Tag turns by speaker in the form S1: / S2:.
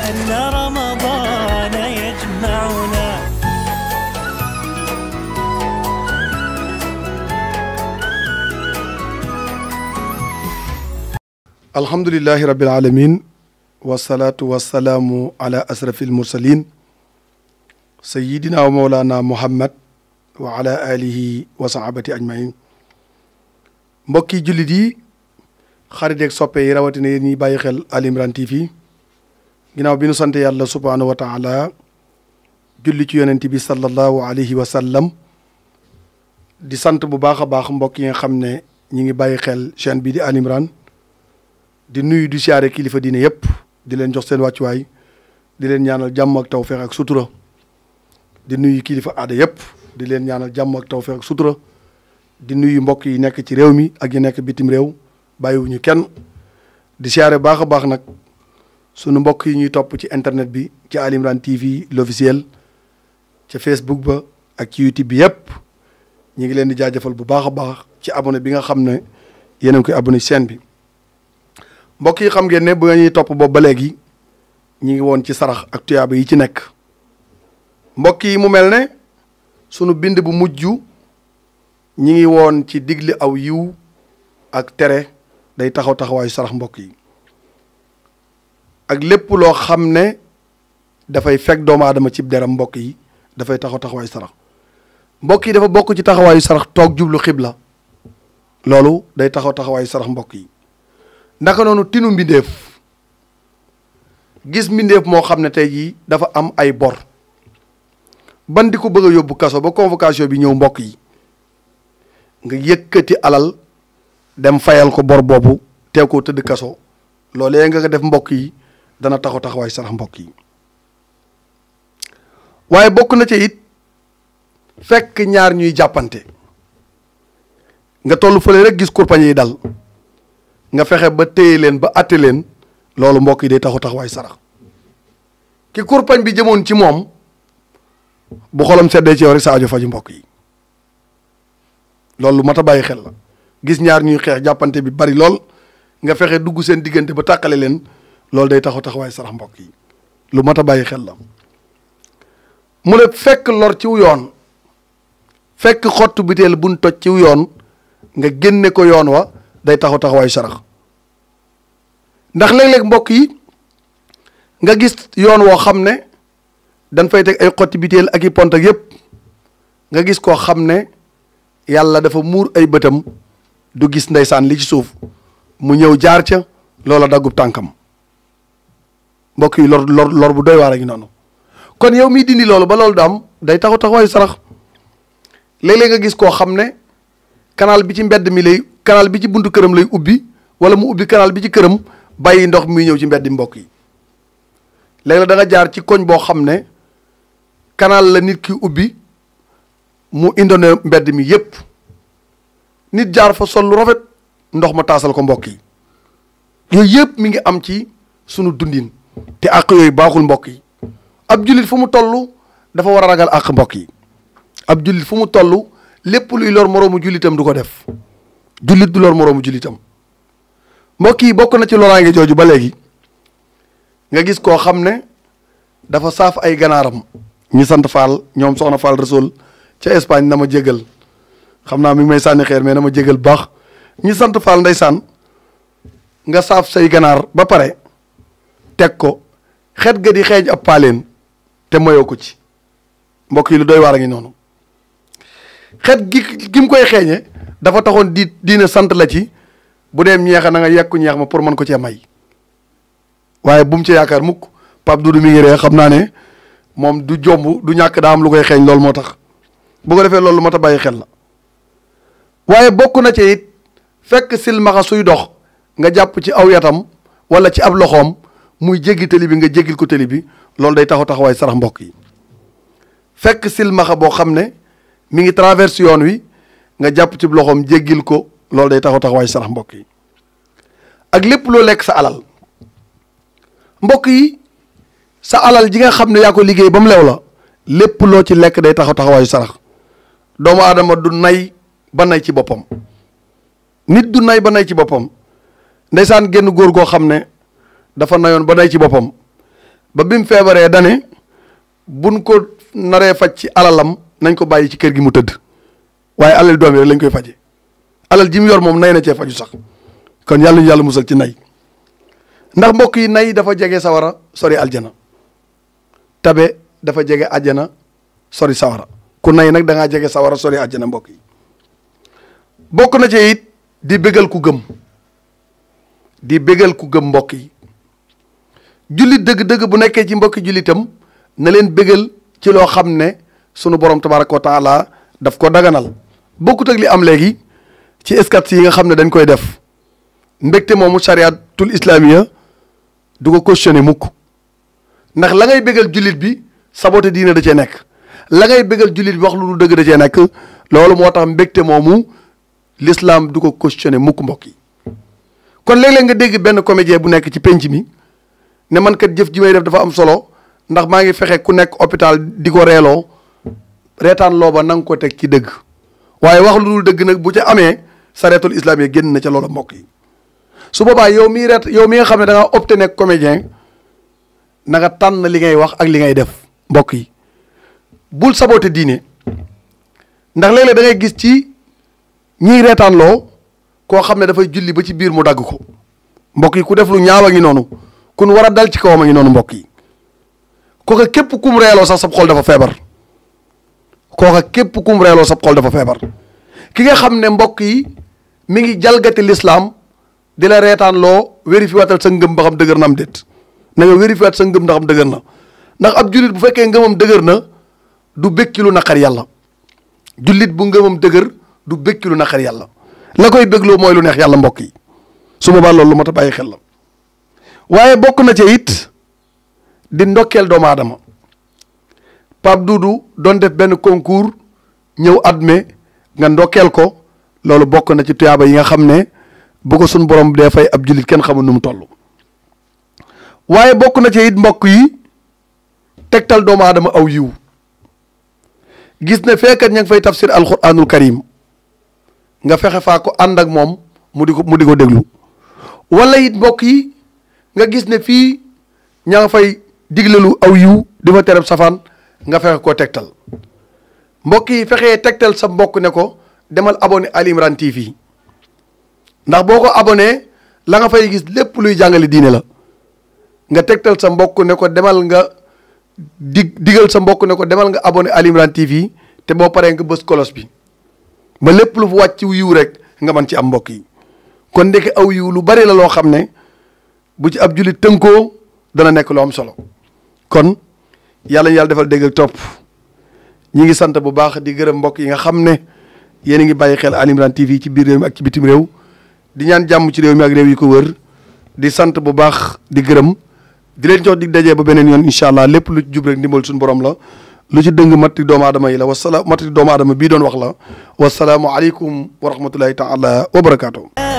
S1: لأن رمضان يجمعنا الحمد لله رب العالمين والصلاة والسلام على أسرف المرسلين سيدنا ومولانا محمد وعلى آله وصحابته أجمعين mbokki jullit yi xarit yeeg soppe yi rawatina yéen ñi bàyyi xel Al Imran TV ginnaaw bi nu sant yàlla subhaanahu wa taala julli ci yonent bi sallallahu alayhi wa sallam di sant bu baax a baax mbokk yi nga xam ne ñi ngi bàyyi xel chaîne bi di Al di nuyu di siyaare kilifa diine yëpp di leen jox seen wàccuwaay di leen ñaanal jàmm ak tawféex ak sutura di nuyu kilifa aada yëpp di leen ñaanal jàmm ak tawféex ak sutura di nuyu mbokk yi nekk ci réew mi ak yi nekk bitim réew bàyyiwuñu kenn di siyaare baax a baax nag sunu mbokk yi ñuy topp ci internet bi ci Ali Imran TV l'officiel ca Facebook ba ak ci YouTube bi yëpp ñu ngi leen di jaajëfal bu baax a baax ci abonné bi nga xam ne yéen a ngi koy abonné ci chaîne bi mbokk yi xam ngeen ne nga ñuy topp boobu ba léegi ñu ngi woon ci sarax ak tuyaaba yi ci nekk mbokk yi mu mel ne sunu bind bu mujj ñi ngi woon ci digli aw yiw ak tere day taxaw taxawaayu sarax mbokk yi ak lépp loo xam ne dafay fekk doomu aadama ci deram mbokk yi dafay taxaw taxawaayu sarax mbokk yi dafa bokk ci taxawaayu sarax toog jublu xibla loolu day taxaw taxawaayu sarax mbokk yi naka noonu tinu mbindeef gis mbindeef moo xam ne tey jii dafa am ay bor ban di ko bëgg a yóbbu kaso ba convocation bi ñëw mbokk yi nga yëkkati alal dem fayal ko bor boobu teekoo tëdd kaso loolee nga ko def mbokk yi dana taxaw taxawaay sarax mbokk yi waaye bokk na ca it fekk ñaar ñuy jàppante nga toll fële rek gis kurpañ yi dal nga fexe ba téye leen ba atte leen loolu mbokk yi day taxaw taxawaay sarax ki kurpañ bi jëmoon ci moom bu xolam seddee ci yow rek sa aajo faju mbokk yi loolu lu a bàyyi xel la gis ñaar ñuy xeex jàppante bi bari lool nga fexe dugg seen diggante ba tàkkale leen loolu day taxaw taxawaay sarax mbokk yi lu mat a bàyyi xel la mu ne fekk lor ciw yoon fekk xottu biteel buñ toj ciw yoon nga génne ko yoon wa day taxaw taxawaayu sarax ndax léeg-léeg mbokk yi nga gis yoon woo xam ne dan fay teg ay xotti biteel ak i pont ak yëpp nga gis koo xam ne yàlla dafa muur ay bëtam du gis ndeysaan li ci suuf mu ñëw jaar ca loolu daggub tànkam mbokk yi lor lor lor bu doy waar a ngi noonu kon yow mii dindi loolu ba loolu du day taxaw taxawaayu sarax léeg-léeg nga gis koo xam ne canal bi ci mbedd mi lay kanaal bi ci buntu këram lay ubbi wala mu ubbi canal bi ci këram bàyyi ndox muy ñëw ci mbedd mbokk yi léeg-léeg da jaar ci koñ boo xam ne kanaal la nit ki ubbi mu indone mbedd mi yépp nit jaar fa sol lu rafet ndox ma taasal ko mbokk yi yooyu yëpp mi ngi am ci sunu dundin te àq yooyu baaxul mbokk yi ab jullit fu mu toll dafa war a ragal àq mbokk yi ab jullit fu mu tollu lépp luy lor moroomu jullitam du ko def jullit du lor moroomu jullitam mbokk yi bokk na ci loraange jooju ba léegi nga gis koo xam ne dafa saaf ay ganaaram ñi sant Fall ñoom soxna Fall Rasoul ca Espagne na ma jégal xam naa mi may sànni xeer mais na ma jégal baax ñi sant Fall ndeysaan nga saaf say ganaar ba pare teg ko xet ga di xeeñ ab paaleen te mayoo ko ci mbokk yi lu doy waar a ngi noonu xet gi gi koy xeeñe dafa taxoon di diina sant la ci bu dee ñeexa na nga yekku ñeex ma pour mën ko cee may waaye bu ci yaakaar mukk Pape Doudou mi ngi ree xam naa ne moom du jomb du ñàkk daa am lu koy xeeñ lool moo tax bu ko defee loolu lu mat a bàyyi xel la waaye bokk na ci it fekk silmaxa suy dox nga jàpp ci aw yatam wala ci ab loxoom muy jéggi tali bi nga jéggil ko tali bi loolu day taxaw taxawaay sarax mbokk yi fekk silmaxa boo xam ne mu ngi traverse yoon wi nga jàpp ci loxoom jéggil ko loolu day taxaw taxawaay sarax mbokk yi ak lépp loo lekk sa alal mbokk yi sa alal ji nga xam ne yaa ko liggéey ba mu lew la lépp loo ci lekk day taxaw taxawaayu sarax doomu aadama du nay ba nay ci boppam nit du nay ba nay ci boppam ndeysaan génn góor goo xam ne dafa nayoon ba nay ci boppam ba bi feebaree dane buñ ko naree faj ci alalam nañ ko bàyyi ci kër gi mu tëdd waaye alal doom yi rek lañ koy faje alal ji mu yor moom nay na cee faju sax kon yàlla ñu yàlla musal ci nay ndax mbokk yi nay dafa jege sawara sori aljana tabe dafa jege ajjana sori sawara ku nay nag da ngaa jege sawara sori aljana mbokk yi bokk na ci it di bégal ku gëm di bégal ku gëm mbokk yi jullit dëgg-dëgg bu nekkee ci mbokki jullitam na leen bëggal ci loo xam ne sunu borom tabaraka wa taala daf ko daganal bokkut ak li am léegi ci eskat yi nga xam ne dañ koy def mbégte moomu chariatul islamiya du ko questionné mukk ndax la ngay bégal jullit bi sabote diine da cee nekk la ngay bégal jullit bi wax lu dul dëgg da cee nekk loolu moo tax mbégte moomu l'islam du ko questionné mukk mbokk kon léeg-léeg nga dégg benn comédien bu nekk ci pénc mi ne man kat jëf ji may def dafa am solo ndax maa ngi fexe ku nekk hôpital di ko reeloo reetaan loo ba na ko teg ci dëgg waaye wax lu dul dëgg nag bu ci amee sareetul islam yi génn na ci loola mbokk yi su boobaa yow mii reet yow mi nga xam ne da ngaa opté nekk comédien na tànn li ngay wax ak li ngay def mbokk yi bul saboté diine ndax léeg-léeg da gis ci ñiy reetaanloo koo xam ne dafay julli ba ci biir mu dagg ko mbokk yi ku def lu ngi noonu kon war a dal ci kawam a ngi noonu mbokk yi kooka képp kum reeloo sax sab xool dafa feebar kooka képp kum reeloo sab xol dafa feebar ki nga xam ne mbokk yi mi ngi jalgati lislaam di la reetaan loo vérifié waatal sa ngëm ba xam dëgër na am déet na nga vérifié waat sa ngëm ndax am dëgër na ndax ab jullit bu fekkee ngëmam dëgër na du békki lu naqar yàlla jullit bu ngëmam dëgër du békki lu naqar yàlla la koy bégloo mooy lu neex yàlla mbokk yi su boobaa loolu lu mat a bàyyi la waaye bokk na ca it di ndokkeel doomu aadama Pape Doudou doon def benn concours ñëw admet nga ndokkeel ko loolu bokk na ci tuyaaba yi nga xam ne bu ko suñ borom dee fay ab jullit kenn xamul nu mu toll waaye bokk na ci it mbokk yi tegtal doomu aadama aw yiw gis ne fekkat ña ngi fay tafsir alquranul karim nga fexe faa ko ànd ak moom mu di ko mu di ko déglu walla it mbokk yi nga gis ne fii ñaa fay diglalu aw yiw di fa tereb safaan nga fexe koo tegtal mbokk yi fexee tegtal sa mbokk ne ko demal abonné Ali Imran ndax boo ko abonné la nga fay gis lépp luy jàngale diine la nga tegtal sa mbokk ne ko demal nga dig digal sa mbokk ne ko demal nga abonné Ali Imran te boo paree nga bës kolos bi ba lépp lu fu wàcc yiw rek nga mën ci am mbokk yi kon ndeke aw yiw lu bari la loo xam ne bu ci ab jullit tënkoo dana nekk lu am solo kon yàlla ñu yàlla defal dégg ak topp ñi ngi sant bu baax di gërëm mbokk yi nga xam ne yéen a ngi bàyyi xel Ali Imran TV ci biir réew mi ak ci bitim réew di ñaan jàmm ci réew mi ak réew yi ko wër di sant bu baax di gërëm di leen jox dig dajee ba beneen yoon incha allah lépp lu ci jub rek ndimbal suñu borom la lu ci dëng matti doomu adama yi la wasalaam matti doomu aadama bii doon wax la wasalaamu aleykum wa rahmatullahi taala wa barakaatu.